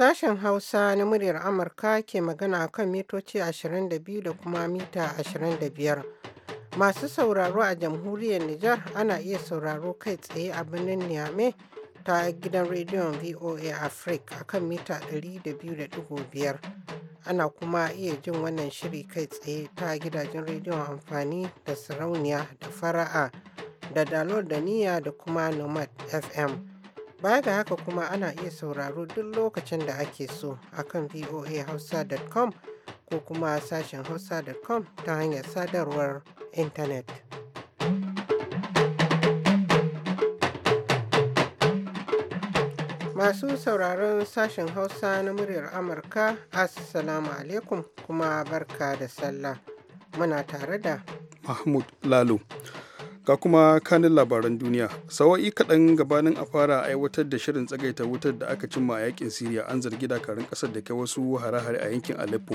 Sashen Hausa na muryar Amurka ke magana kan mitoci 22 da kuma mita 25. Masu sauraro a jamhuriyar Nijar ana iya sauraro kai tsaye a birnin Niamey ta gidan rediyon VOA Africa a kan mita 200.5. Ana kuma iya jin wannan shiri kai tsaye ta gidajen rediyon amfani da sarauniya da fara'a da dalol da niya da kuma nomad FM. Baya ga haka kuma ana iya sauraro duk lokacin da ake so a akan voahausa.com ko kuma sashen hausa.com ta hanyar sadarwar intanet. Masu sauraron sashen Hausa na muryar Amurka, Assalamu alaikum kuma barka da sallah. Muna tare da Mahmud Lalo. ga kuma kanin labaran duniya sawa'i kaɗan gabanin a fara aiwatar da shirin tsagaita wutar da aka cimma a yakin siriya an zargi dakarun ƙasar da kai wasu hare-hare a yankin aleppo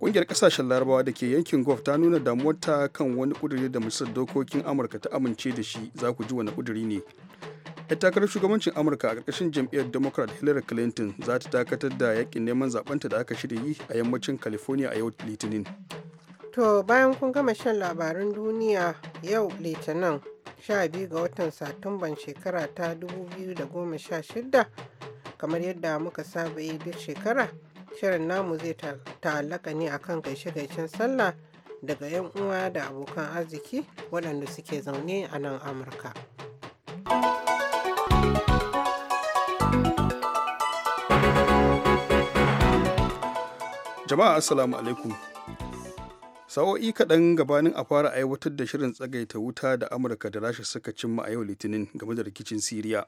ƙungiyar ƙasashen larabawa da ke yankin gof ta nuna damuwarta kan wani ƙuduri da musar dokokin amurka ta amince da shi za ku ji wani ƙuduri ne yar takarar shugabancin amurka a ƙarƙashin jam'iyyar democrat hillary clinton za ta dakatar da yakin neman zaɓenta da aka shirya yi a yammacin california a yau litinin To bayan kun gama shan labarin duniya yau litinin 12 ga watan Satumban shekara ta 2016 kamar yadda muka saba yi duk shekara shirin namu zai ta'allaka ne akan gaishe-gaishen sallah daga 'yan uwa da abokan arziki waɗanda suke zaune a nan Amurka. Jama'a Assalamu alaikum. sa'o'i kaɗan gabanin a fara aiwatar da shirin tsagaita wuta da amurka da rasha suka cimma a yau litinin game da rikicin siriya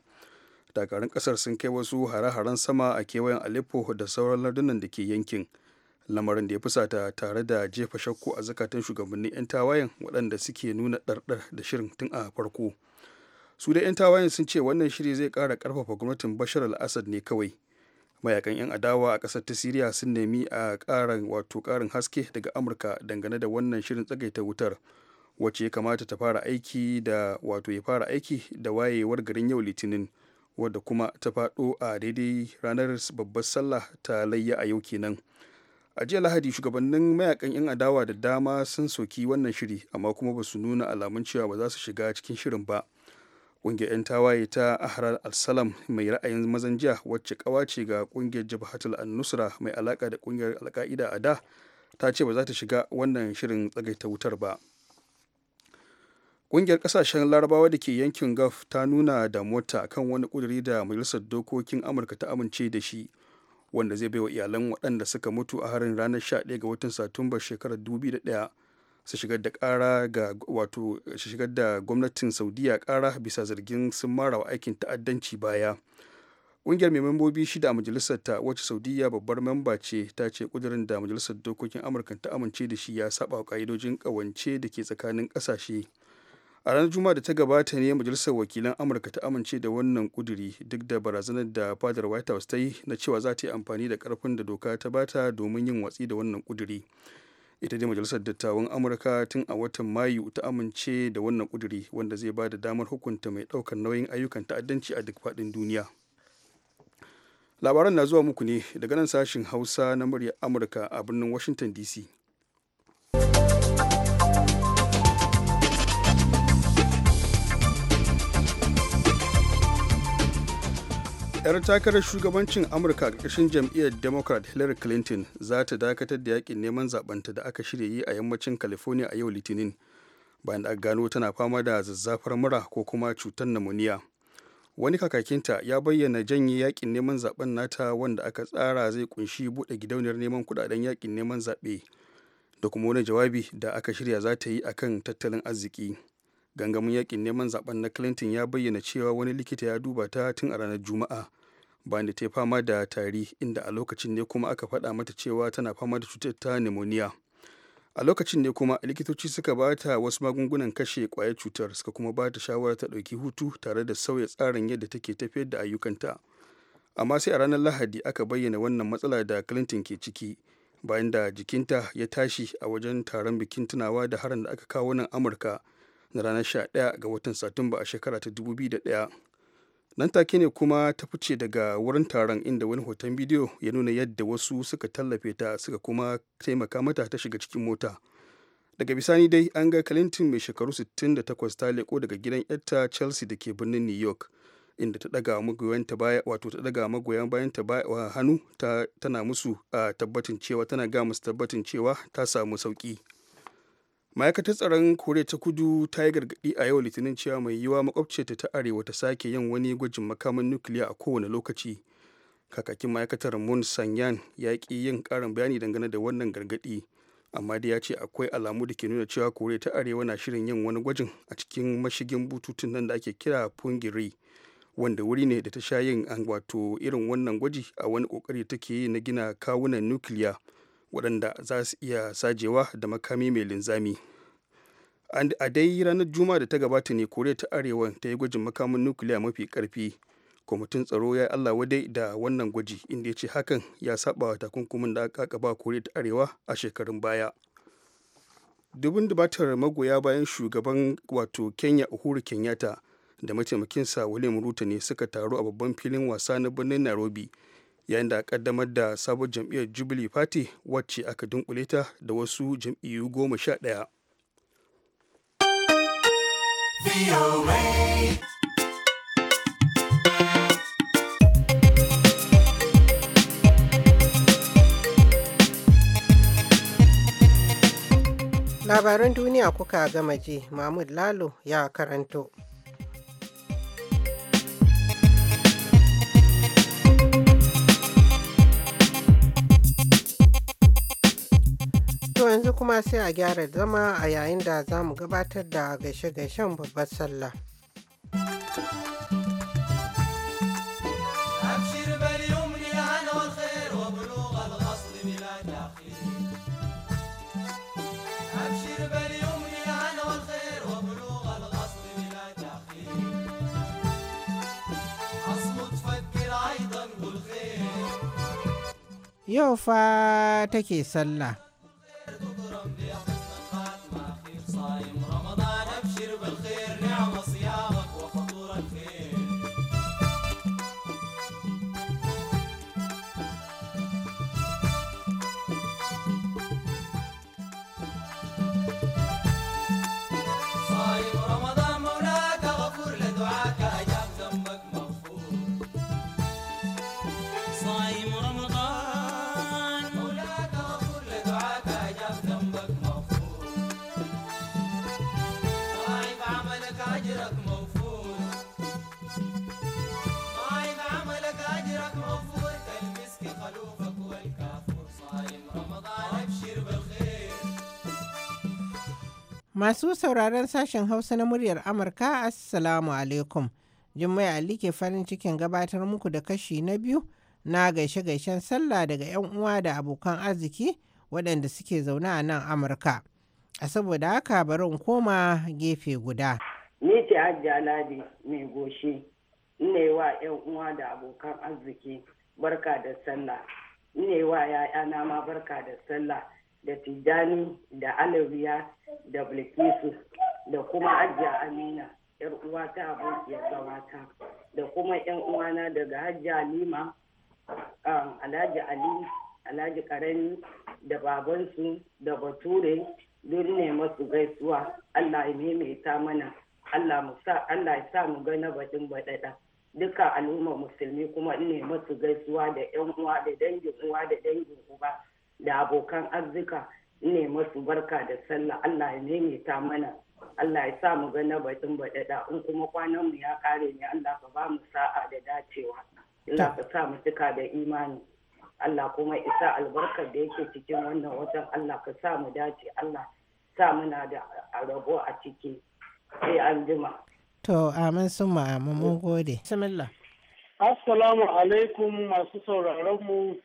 dakarun ƙasar sun kai wasu hare-haren sama a kewayen aleppo da sauran lardunan da ke yankin lamarin da ya fusata tare da jefa shakku a zakatan shugabannin 'yan tawayen waɗanda suke nuna ɗarɗar da shirin tun a farko su da 'yan tawayen sun ce wannan shiri zai ƙara ƙarfafa gwamnatin bashar al ne kawai mayakan 'yan adawa a ƙasar ta siriya sun nemi a ƙarin wato ƙarin haske daga amurka dangane da wannan shirin tsagaita wutar wacce ya kamata ta fara aiki da wato ya fara aiki da wayewar garin yau litinin wadda kuma ta faɗo a daidai ranar babbar sallah ta layya a yau kenan a jiya lahadi shugabannin mayakan 'yan adawa da dama sun soki wannan shiri amma kuma ba su nuna alamun cewa ba za su shiga cikin shirin ba ƙungiyar 'yan tawaye ta ahrar al mai ra'ayin mazan jiya wacce ce ga ƙungiyar jabhatul an-nusra mai alaka da ƙungiyar alka'ida a da ta ce ba za ta shiga wannan shirin tsagaita wutar ba ƙungiyar ƙasashen larabawa da ke yankin gaf ta nuna da mota kan wani kuduri da majalisar dokokin amurka ta amince da shi wanda zai baiwa iyalan waɗanda suka mutu a harin ranar 11 ga watan satumba shekarar 2001 su shigar da kara ga wato su shigar da gwamnatin saudiya kara bisa zargin sun marawa aikin ta'addanci baya ƙungiyar mai membobi shida a majalisar ta wacce saudiya babbar memba ce ta ce kudirin da majalisar dokokin amurka ta amince da shi ya saba ka'idojin ƙawance da ke tsakanin ƙasashe a ranar juma'a da ta gabata ne majalisar wakilan amurka ta amince da wannan kuduri duk da barazanar da fadar white house ta yi na cewa za ta yi amfani da karfin da doka ta bata domin yin watsi da wannan kuduri ita dai majalisar dattawan amurka tun a watan mayu ta amince da wannan kuduri wanda zai ba da damar hukunta mai ɗaukar nauyin ayyukan ta'addanci a duk faɗin duniya labaran na zuwa muku ne daga nan sashin hausa na muryar amurka a birnin washington dc 'yar takarar shugabancin amurka a ƙarƙashin jam'iyyar democrat hillary clinton za ta dakatar da yakin neman zaɓenta da aka shirya yi a yammacin california a yau litinin bayan da aka gano tana fama da zazzafar mura ko kuma cutar namuniya wani kakakinta ya bayyana janye yakin neman zaben nata wanda aka tsara zai kunshi buɗe gidauniyar neman kudaden yakin neman zaɓe da kuma wani jawabi da aka shirya za ta yi kan tattalin arziki gangamin yakin neman zaben na clinton ya bayyana cewa wani likita ya duba ta tun a ranar juma'a bayan da ta yi fama da tari inda a lokacin ne kuma aka faɗa mata cewa tana fama da cutar ta pneumonia a lokacin ne kuma likitoci suka ba ta wasu magungunan kashe kwayar cutar suka kuma ba ta shawara ta ɗauki hutu tare da sauya tsarin yadda take tafiyar da ayyukanta amma sai a ranar lahadi aka bayyana wannan matsala da clinton ke ciki bayan da jikinta ya tashi a wajen taron bikin tunawa da haran da aka kawo nan amurka na ranar 11 ga watan satumba a shekara ta 2001 nan take ne kuma ta fice daga wurin taron inda wani hoton bidiyo ya nuna yadda wasu suka tallafe ta suka kuma taimaka mata ta shiga cikin mota daga bisani dai an ga clinton mai shekaru 68 ta leko daga gidan yarta chelsea da ke birnin new york inda ta daga magoyan baya wato ta daga magoyan bayan ta baya hannu tana musu a tabbatin cewa tana ga musu tabbatin cewa ta samu sauki ma'aikatar tsaron koriya ta kudu ta yi gargaɗi a yau litinin cewa mai yiwa makwabciyarta ta arewa ta sake yin wani gwajin makamin nukiliya a kowane lokaci kakakin ma'aikatar mun sanyan ya ƙi yin ƙarin bayani dangane da wannan gargaɗi amma dai ya ce akwai alamu da ke nuna cewa koriya ta arewa na shirin yin wani gwajin a cikin mashigin bututun nan da ake kira pungiri wanda wuri ne da ta sha yin wato irin wannan gwaji a wani kokari take yi na gina kawunan nukiliya waɗanda za su iya sajewa da makami mai linzami a dai ranar juma'a da ta gabata ne koriya ta arewa ta yi gwajin makamin nukiliya mafi karfi kwamitin tsaro ya yi allah wadai da wannan gwaji inda ya ce hakan ya saba wa takunkumin da aka ba koriya ta arewa a shekarun baya dubin dubatar magoya bayan shugaban wato kenya uhuru kenyatta da mataimakinsa william ruto ne suka taru a babban filin wasa na birnin nairobi yayin da a kaddamar da sabon jam'iyyar jubilee party wacce aka dunkule ta da wasu jam'iyyu goma sha ɗaya labaran duniya kuka gama ji mahmud lalo ya karanto kuma sai a gyara zama a yayin da za mu gabatar da gaishe-gaishen babbar sallah. Yau fa take sallah. Masu sauraron sashen Hausa na muryar Amurka, Assalamu alaikum. Jummai Ali ke farin cikin gabatar muku da kashi na biyu na gaishe-gaishen sallah daga 'yan uwa da abokan arziki waɗanda suke zaune a nan Amurka. A saboda haka bari in koma gefe guda. Ni ce Hajji Alhaji mai goshi, ina yi wa 'yan uwa da abokan arziki barka da sallah, ina yi wa 'ya'yana ma barka da sallah. da tijjani da alawiya da bilkisu da kuma ajiya amina yar uwata abokiyar gawata da kuma yan uwana daga hajji halima um, alhaji ali alhaji karami da babansu da bature duk ne masu gaisuwa allah ya maimaita mana allah ya sa mu ga na baɗin baɗaɗa duka al'ummar musulmi kuma ne masu gaisuwa da yan uwa da dangin uwa da dangin uba da abokan arzika ne masu barka da sallah Allah ya ta mana Allah ya sa mu ga na baɗin baɗaɗa in kuma kwanan mu ya kare ne Allah ka ba mu sa'a da dacewa Allah ka sa mu cika da imani Allah kuma isa albarkar da yake cikin wannan wajen Allah ka sa mu dace Allah sa muna da rabo a ciki sai an jima to amin sun ma'amu mun gode bismillah assalamu alaikum masu sauraron mu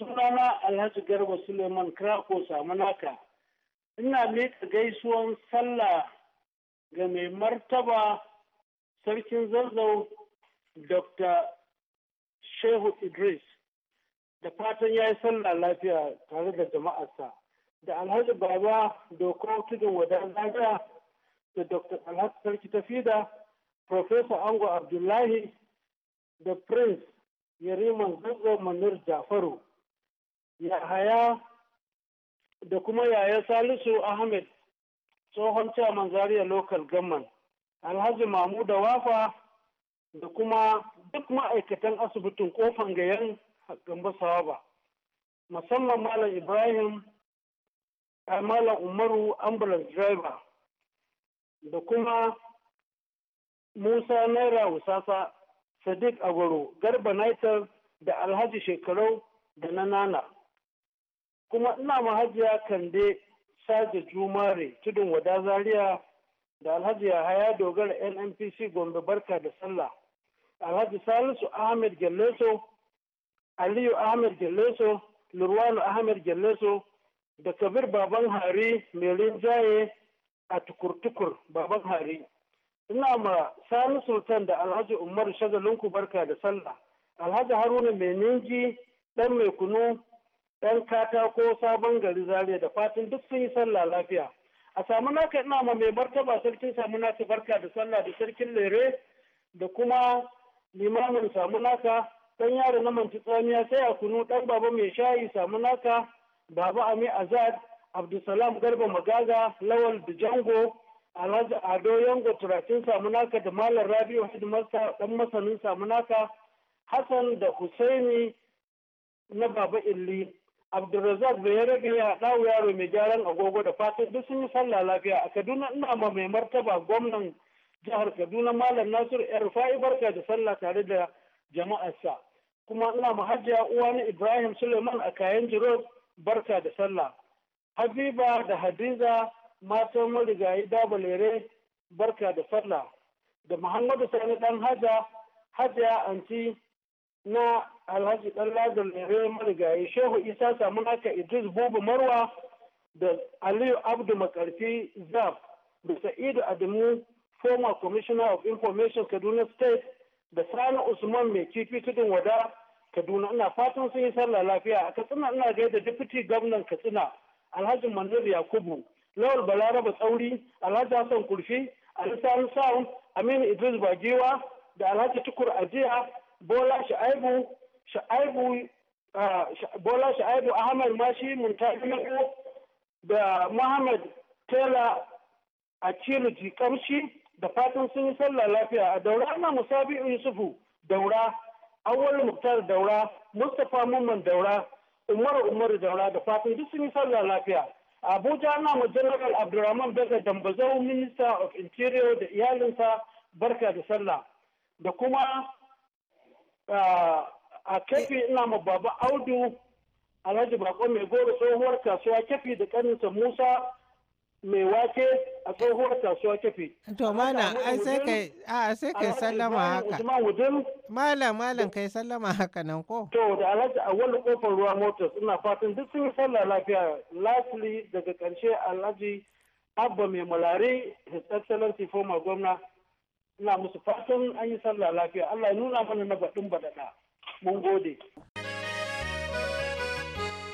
sunana alhaji garba suleiman krako samunaka ina miƙa gaisuwan sallah ga mai martaba sarkin zazzau dr shehu idris da fatan ya yi sallah lafiya tare da jama'arsa da alhaji baba doko tudun da dr alhaji sarki tafida professor ango abdullahi da prince yariman zazzau manir jafaru Yahaya da kuma yaya Salisu Ahmed tsohon caman Zaria Local Government, Alhaji Mahmuda Wafa da kuma duk ma'aikatan asibitin kofan gayan Gambo Sawaba. Musamman Malam Ibrahim, Malam Umaru Ambulance Driver da kuma Musa Naira Wusasa Sadiq agoro Garba Naitar da Alhaji Shekarau da na Nana. kuma ina mahajiya kande saje jumare tudun wada zaria da alhaji yahaya dogara nnpc gombe barka da sallah alhaji salisu ahmed gelleso aliyu ahmed gelleso lurwanu ahmed gelleso da kabir baban hari mai rinjaye a tukur-tukur baban hari ina ma sani sultan da alhaji umaru shagalinku barka da sallah alhaji haruna mai ninji dan mai kunu ɗan katako sabon gari zariya da fatan duk sun yi sallah lafiya a samu naka ina ma mai martaba sarkin samu naka barka da sallah da sarkin lere da kuma limamin samu naka ɗan yaro na manci tsamiya sai a kunu ɗan baba mai shayi samu naka baba ami azad abdulsalam garba magaga lawal da jango alhaji ado yango turatin samu naka da malam rabiu hidimarsa ɗan masanin samu naka hassan da husaini na baba illi Abdulrazak da ya rage ɗau yaro mai gyaran agogo da fatan duk sun yi sallah lafiya a Kaduna ina ma mai martaba gwamnan jihar Kaduna Malam Nasiru ‘yar fa'i barka da sallah tare da jama'arsa. Kuma ina ma ya uwa na Ibrahim Suleiman a kayan jiro barka da sallah. Habiba da Hadiza matan marigayi dabalere barka da sallah. Da Muhammadu Sani ɗan haja ya anti na alhaji dan lazar lere marigayi shehu isa samu haka idris bubu marwa da aliyu abdu makarfi zaf da sa'idu adamu former commissioner of information kaduna state da sani usman mai kifi tudun wada kaduna ina fatan sun yi sallah lafiya a katsina ina gaida deputy gwamnan katsina alhaji manzur yakubu lawal balaraba tsauri alhaji hassan kurfi alisani sa'un aminu idris bagiwa da alhaji tukur ajiya bola sha'ibu sha'aibu ah, bola sha'aibu ahmad mashi muntafi da muhammad tela a cire jikamshi da fatan sun yi sallah lafiya a daura ana musabi yusufu daura awal muktar daura mustapha mumman daura umar umar daura da fatan duk sun yi sallah lafiya abuja ana mu general abdulrahman bello dambazau minister of interior da iyalinsa barka da sallah da kuma ah, a kafi ina ma baba audu alhaji bako mai goro tsohuwar kasuwa kafi da kaninsa musa mai wake a tsohuwar kasuwa kafi. To mana ai sai kai a sai kai sallama haka. Malam malam kai sallama haka nan ko. To da alhaji wani kofar ruwa motors ina fatan duk sun sallah lafiya lastly daga karshe alhaji abba mai mulari his excellency former gwamna ina musu fatan an yi sallah lafiya Allah ya nuna mana na baɗin baɗaɗa. Mun gode.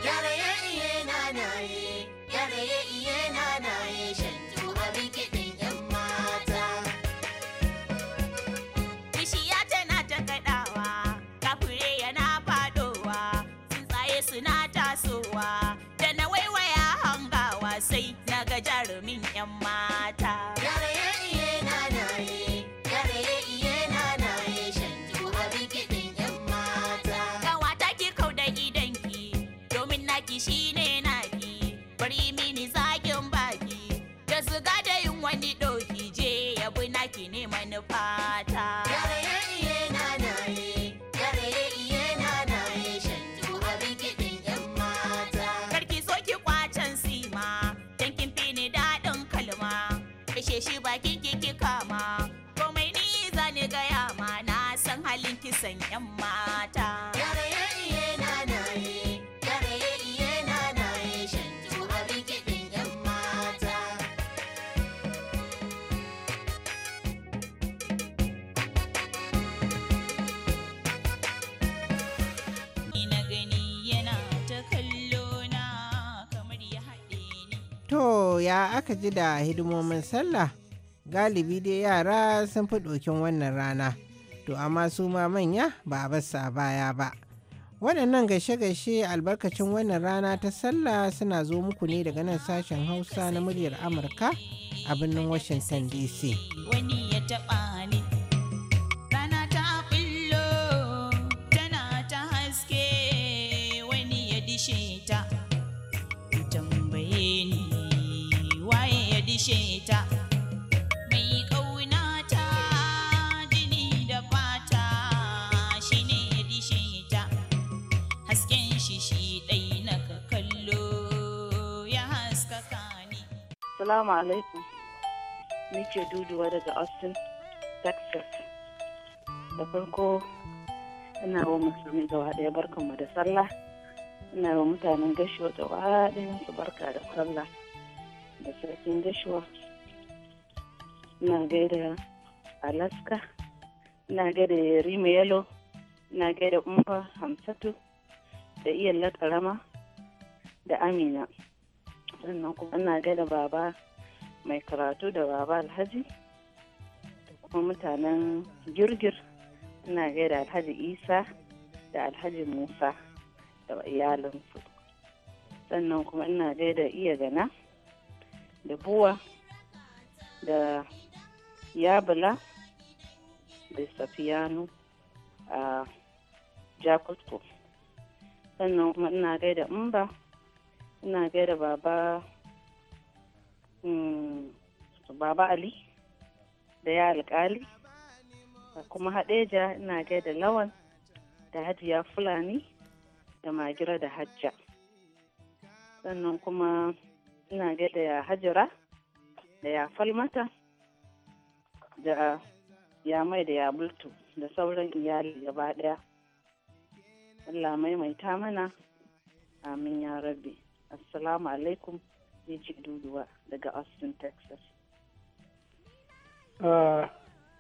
Yara yayi na na yi. aka ji da hidimomin sallah galibi dai yara sun fi ɗokin wannan rana to amma su ma manya ba a basu a baya ba waɗannan gashe-gashe albarkacin wannan rana ta sallah suna zo muku ne daga nan sashen hausa na muryar amurka a birnin washington dc wani ya taba kishe mai jini da fata shine hasken shi shi kallo ya haskaka ni salamu alaikum nike duduwa daga austin texas da farko ina wa musulmi gaba ɗaya barkanmu da sallah ina wa mutanen gashi gaba ɗayan su barka da sallah da sarkin joshua na gaida alaska na gaida rima yalo na gaida umfa hamsatu da iyalla karama da amina sannan kuma na gaida baba mai karatu da baba alhaji da kuma mutanen girgir na gaida alhaji isa da alhaji musa da iyalinsu sannan kuma ina gaida iya gana da buwa da yabula da safiyanu a jakutku sannan kuma ina gaida umba ina gaida baba mm, baba ali da ya alkali kuma haɗeja ina gaida lawan da hajiya fulani da magira da hajja sannan kuma ina gaida ya hajira da ya falmata da ya mai da ya bultu da sauran iyali gaba daya Allah maimaita mana amin ya rabbi assalamu alaikum ni duduwa daga austin texas ah,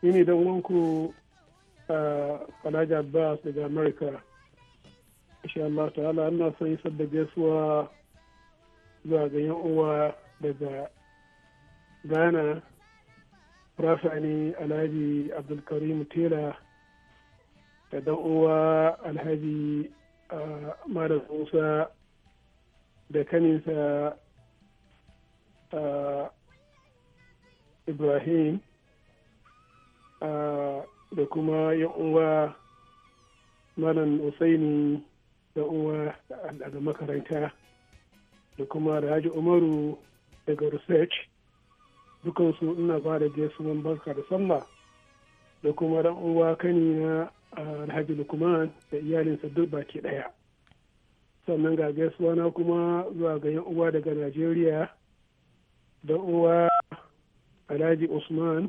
ni ne don wanku ah, Alhaji jabba daga America. Insha Allah ta'ala ana son isar da gaisuwa zagayen yan uwa daga ghana rafani alhaji abdulkarim tela da dan uwa alhaji malam musa da kaninsa ibrahim da kuma yan uwa malam usaini da uwa daga makaranta da kuma Alhaji Umaru daga Research dukansu ina ba da gaisuwan barka da sallah da kuma ran uwa kani na Alhaji Lukman da iyalinsa duk baki daya sannan ga gaisuwa na kuma zuwa ga yan uwa daga Najeriya da uwa Alhaji Usman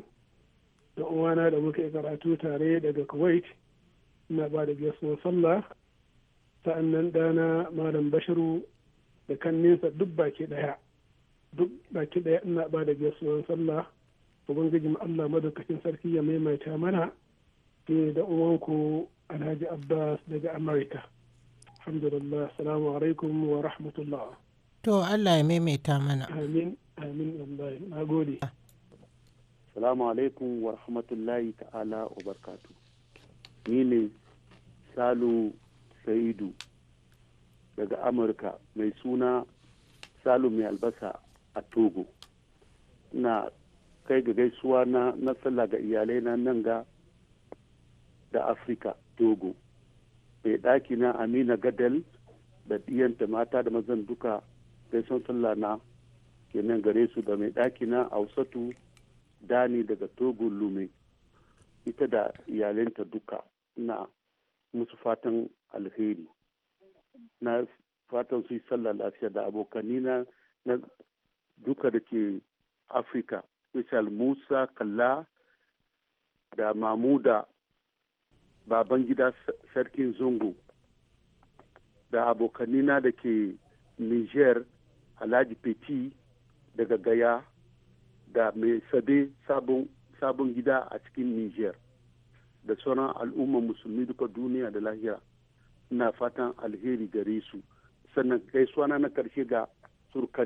da uwa na da muka karatu tare daga Kuwait ina ba da gaisuwan sallah sa'annan dana Malam Bashiru da kan nesa duk baki daya duk baki daya ina ba da gaisuwan sallah ubangijin allah madaukakin sarki ya maimaita mana ke da uwanku alhaji abbas daga amerika alhamdulillah salamu alaikum wa rahmatullah to allah ya maimaita mana amin amin wallahi na gode salamu alaikum wa rahmatullahi ta'ala wa barkatu ni ne salu saidu daga amurka mai suna salu mai albasa a togo na kai ga gaisuwa na nasala ga iyalai na nan ga da afirka togo mai ɗaki na amina gadal da ɗiyanta mata da mazan duka gaison sallah na kenan gare su da mai ɗaki na ausatu dani daga togo lume ita da iyalinta duka na musu fatan alheri na fatan su yi sallah lafiya da abokanina na duka da ke afirka misal musa kalla da mamuda baban gida sarkin zungu da abokanina da ke niger alhaji peti daga gaya da mai sabe sabon gida a cikin niger da sauran al'umma musulmi duka duniya da lahira na fatan alheri gare su sannan gaisuwa na na karshe ga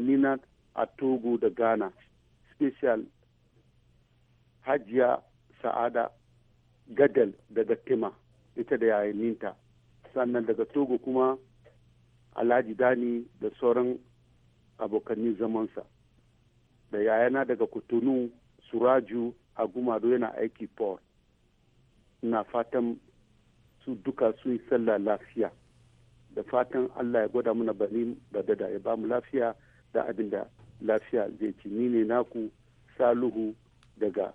na a togo da ghana special hajiya sa'ada gadal daga tema ita da yayaninta sannan daga togo kuma alhaji dani da sauran abokanni zamansa da yayana daga kotonu suraju a gumado yana aiki port na fatan su duka su yi sallah lafiya da fatan allah ya gwada mana bani da dada ya ba mu lafiya da abin da lafiya zai ci ni ne naku saluhu daga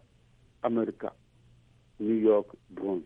amurka new york bronx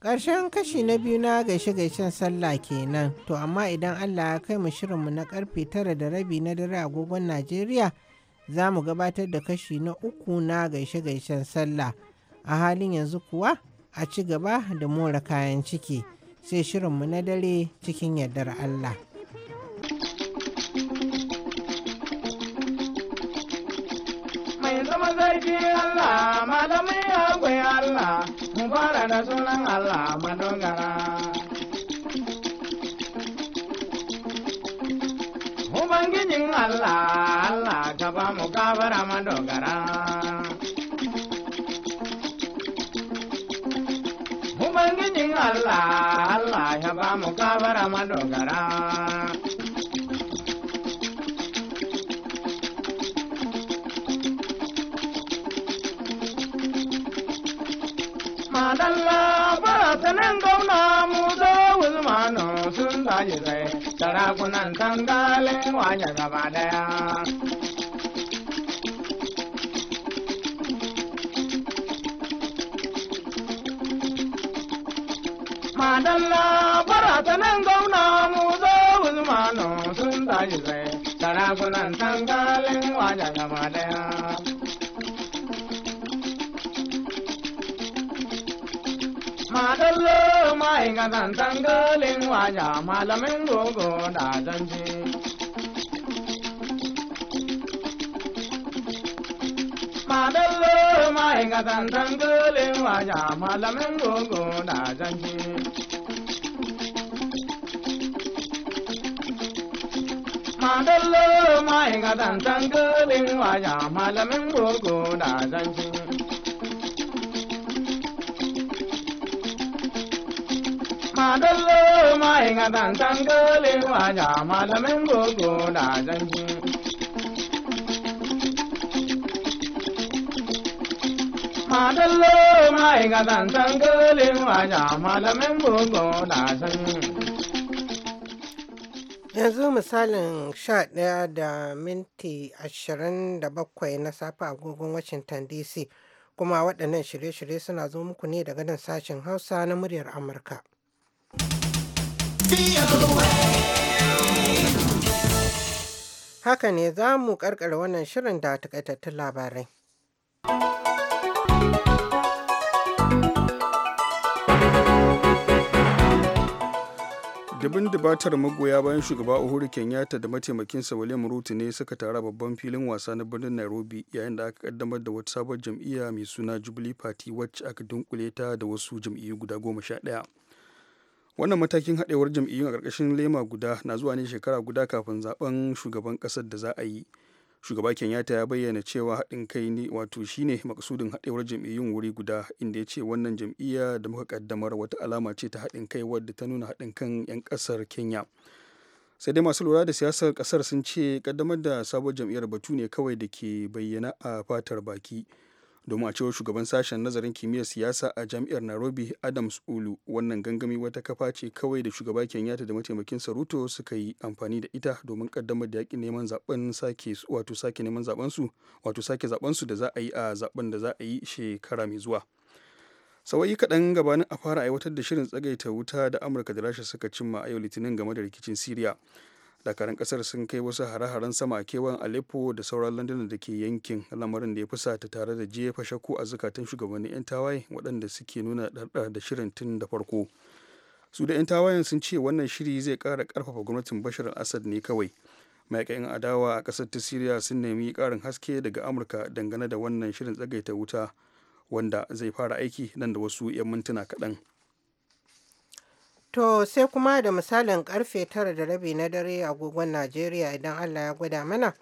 Ƙarshen kashi na biyu na gaishe-gaishen sallah kenan, to amma idan Allah ya kai mu shirin mu na karfe tara da rabi na dare agogon Najeriya za mu gabatar da kashi na uku na gaishe-gaishen sallah. A halin yanzu kuwa a ci gaba da more kayan ciki sai shirin mu na dare cikin yardar Allah. Mai zama zai Allah mu fara da sunan Allah madogara dogara. Ubangijin Allah, Allah ka ba mu kabara madogara. Ubangijin Allah, Allah ya ba mu kabara madogara. Madala fasalin gauna mu zo wulmanu sun tashi sai sarakunan tangalin wanya gaba daya madalla fasalin gauna mu zo wulmanu sun tashi sai sarakunan tangalin wanya gaba daya nga tan tan ga ling wa ya ma la men go go da dan ji ma da lo ma nga tan tan ga ling wa ya ma la men go go da dan ji ma da lo ma nga tan tan ga ling wa ya ma la men go go da dan ji dallo mai ga dan tangale wa ja malamin gogo da zanji madallo mai ga dan tangale wa ja malamin gogo da zanji yanzu misalin sha ɗaya da minti ashirin da bakwai na safe agogon washington dc kuma waɗannan shirye-shirye suna zo muku ne daga nan sashen hausa na muryar amurka Haka ne za mu karkar wannan shirin da takaitattun labarai. Dabin dubatar magoya bayan shugaba uhuru kenyatta da mataimakinsa william ruto ne suka tara babban filin wasa na birnin nairobi yayin da aka kaddamar da wata sabon jam'iyya mai suna jubilee party wacce aka dunkule ta da wasu jam'iyyu guda goma sha ɗaya wannan matakin haɗewar jam'iyyun a ƙarƙashin lema guda na zuwa ne shekara guda kafin zaben shugaban ƙasar da za a yi shugaba kenyatta ya bayyana cewa haɗin kai ne wato shine makasudin haɗewar jam'iyyun wuri guda inda ya ce wannan jam'iyya da muka ƙaddamar wata alama ce ta haɗin kai wadda ta nuna haɗin kan 'yan ƙasar kenya sai dai masu lura da siyasar ƙasar sun ce kaddamar da sabon jam'iyyar batu ne kawai da ke bayyana a fatar baki domin a cewar shugaban sashen nazarin kimiyyar siyasa a jami'ar nairobi adams ulu wannan gangami wata kafa ce kawai da shugaba kenyatta da mataimakin saruto suka yi amfani da ita domin kaddamar da yakin neman zaben sake wato sake neman zaben su wato sake zaben su da za a yi a zaben da za a yi shekara mai zuwa sawayi kaɗan gabanin a fara aiwatar da shirin tsagaita wuta da amurka da rasha suka cimma a yau litinin game da rikicin siriya dakarun kasar sun kai wasu hare-haren sama a kewan aleppo da sauran landunan da ke yankin lamarin da ya fusata tare da jefa shakku a zukatan shugabanni 'yan tawaye waɗanda suke nuna ɗarɗa da shirin tun da farko su da 'yan tawayen sun ce wannan shiri zai ƙara ƙarfafa gwamnatin bashar al-assad ne kawai ma'aikayan adawa a ƙasar ta siriya sun nemi ƙarin haske daga amurka dangane da wannan shirin tsagaita wuta wanda zai fara aiki nan da wasu 'yan mintuna kaɗan. To sai kuma da misalin karfe tara da rabi na dare a agogon Najeriya idan Allah ya gwada mana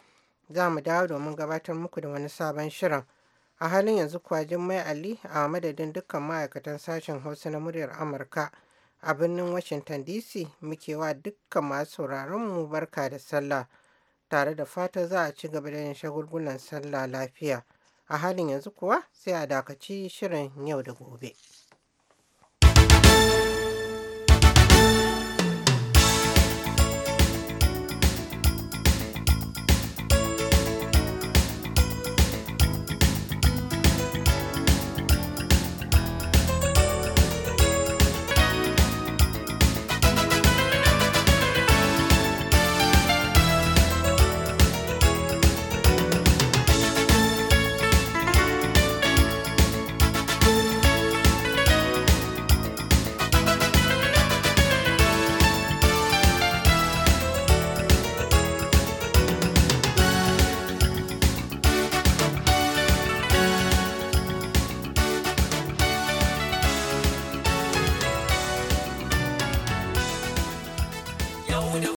za mu dawo domin gabatar muku da wani sabon shirin. A halin yanzu kuwa Jummai Ali a madadin dukkan ma'aikatan sashen Hausa na muryar Amurka a birnin Washington DC muke wa dukkan masu sauraron mu barka da sallah tare da fata za a ci gaba da yin shagulgulan sallah lafiya. A halin yanzu kuwa sai a dakaci shirin yau da gobe.